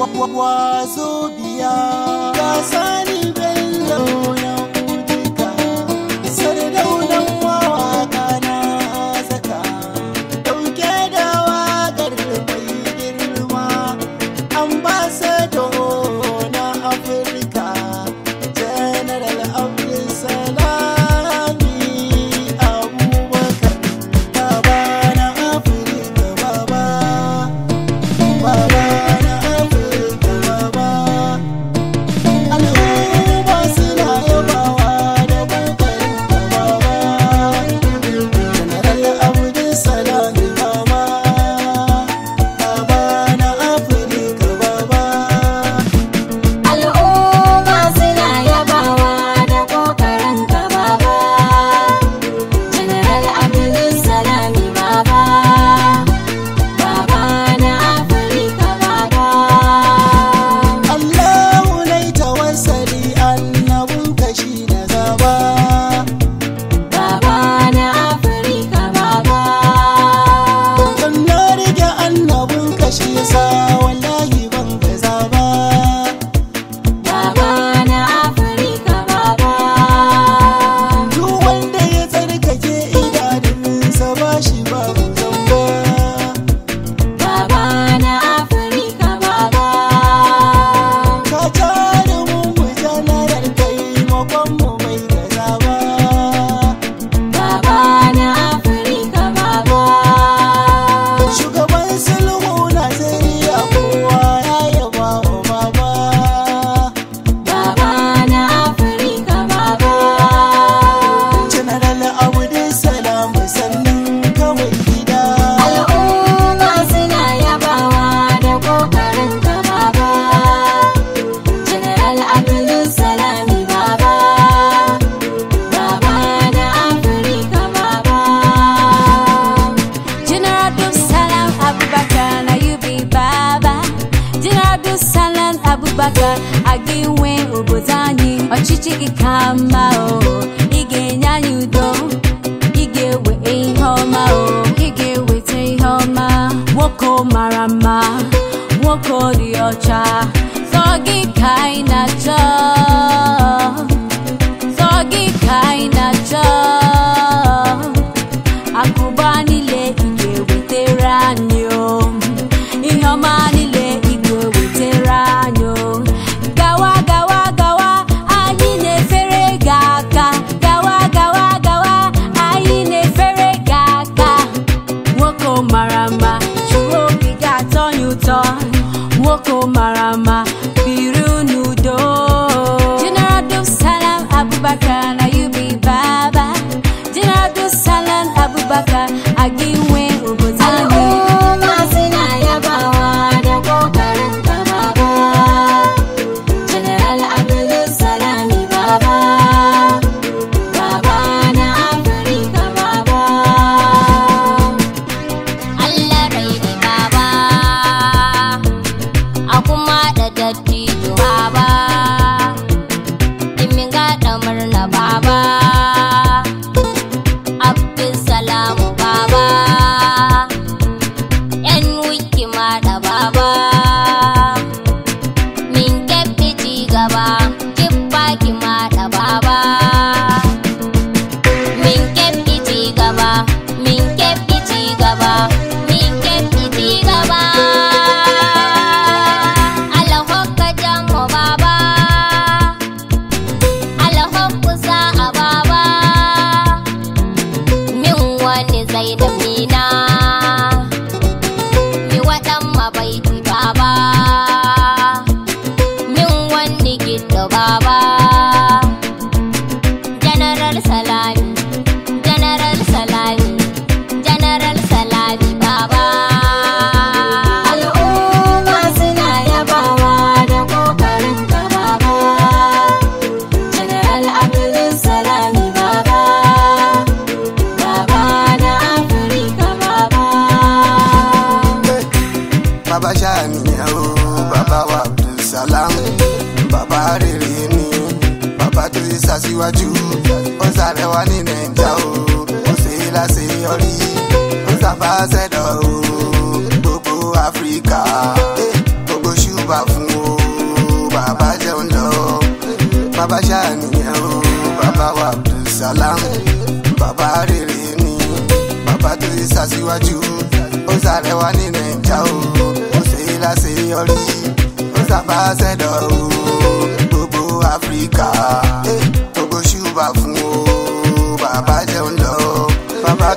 wa wa wa wa ni ben la bo abubakar aga inwe obodo anyị ọchịchị gị ka mma o ị ga-enye anyị udo ị ga-ewe ihe ọma o ị ga-eweta ihe ọcha sọ gị ka tabasa nìyẹn o baba wa abdulsalam baba rere ni baba tó ṣe ṣàṣìwájú ó sàrẹ̀ wá ní nàìjà o ó ṣe láṣeyọrí ó sàbá ṣẹ̀dọ̀ o gbogbo áfíríkà gbogbo ṣùgbà fún o bàbá jẹun lọ bàbá nìyẹn o bàbá wa abdulsalam bàbá rere ni baba tó ṣe ṣàṣìwájú ó sàrẹ̀ wá ní nàìjà o láṣeyọrí ó sábà ṣẹ̀dọ̀ o gbogbo áfíríkà gbogbo ṣùgbà fún o bàbá jẹun lọ bàbá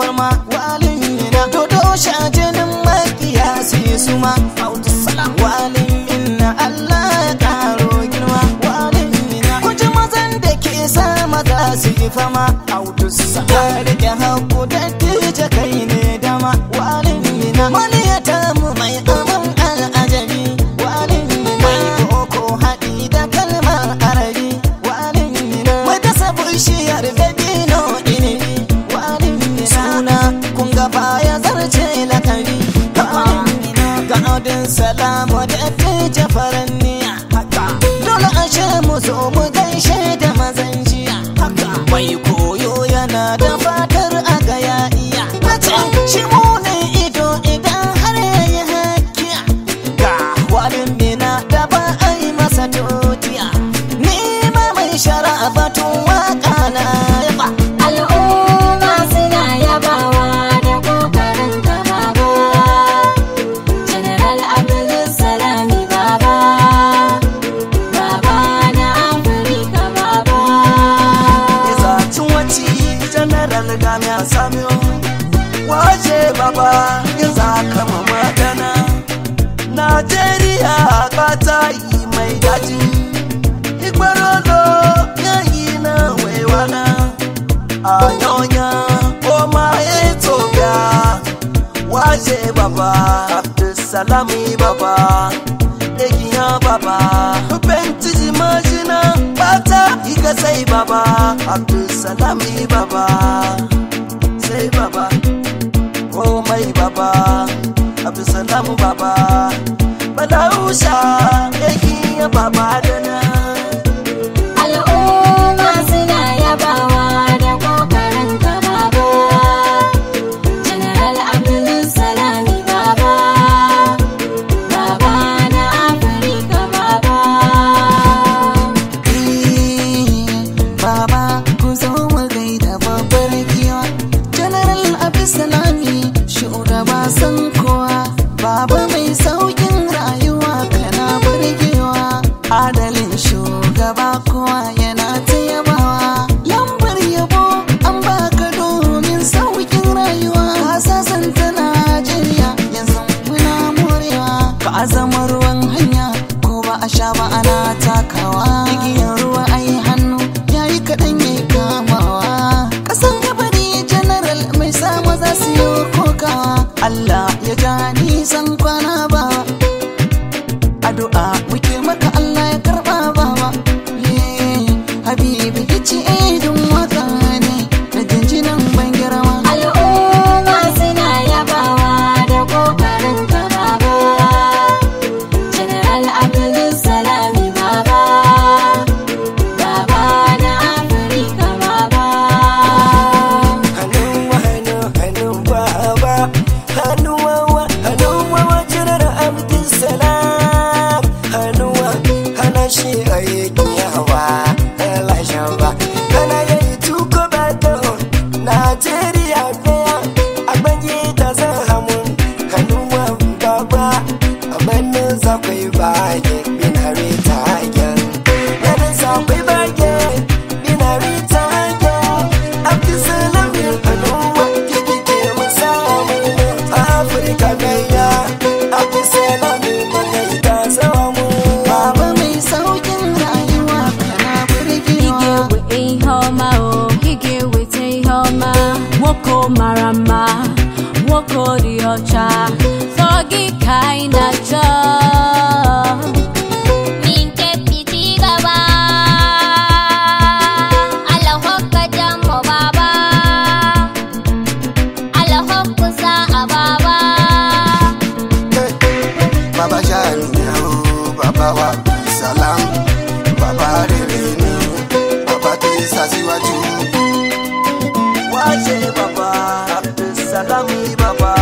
alfarma walin to dodo jinin makiya sai su ma walin minna Allah ya karo girma walin mina kuji mazan da ke sa maza su yi fama autus da lakari ga odin salamu da tije faranni dole a she mu zo mu gaishe da mazan jiya mai koyo yana da fatar a gaya iya na shi mu baba ya zaka ma magana najeriya bata yi mai daji igbarolo ya yi na waiwana anyonya o ma ethiopia waje baba abdulsalami baba egiya baba bentiji majina bata igasai baba abdulsalami baba baba abdulsalam baba balawusa ya baba da baba